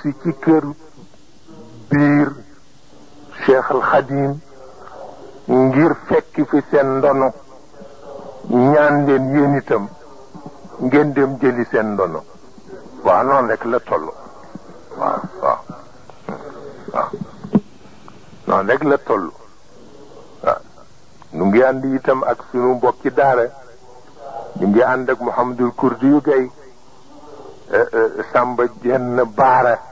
si ci kër biir Cheikh al ngir fekki fi seen ndono ñaan leen ngeen dem jëli seen ndono waaw noonu rek la toll waaw waaw waaw noonu la toll waaw ñu ngi ànd itam ak sunu mbokki daara ñu ngi ànd ak Mouhamadul Kurdi yu gay eh, eh, Samba Jenn Baara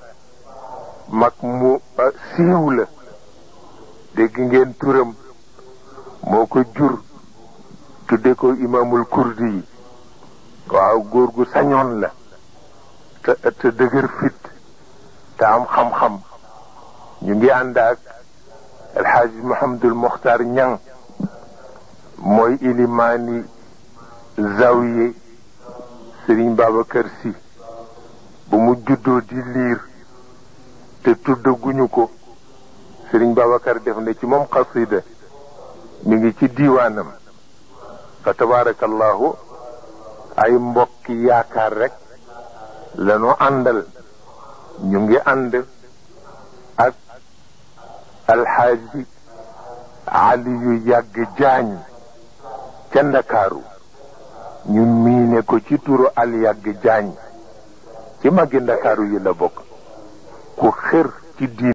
mag mu siiw la dégg ngeen turam moo ko jur tudde ko imaamul kurdi yi waaw góor gu sañoon la te te dëgër fit te am xam-xam ñu ngi ànd ak alxaaj Mouhamadul Mokhtar Ñang mooy ilimaani zawiye Serigne Babacar si bu mu juddoo di liir te tuddaguñu ko sëriñ Babacar def na ci moom xasida mi ngi ci diwaanam fa tabaarakallahu ay mbokki yaakaar rekk lañu àndal ñu ngi ànd ak alxaaji ali yu yàgg jaañ ca ndakaaru ñun miine ko ci turu al yàgg jaañ ci màggi ndakaaru yi la bokk ku xër ci diin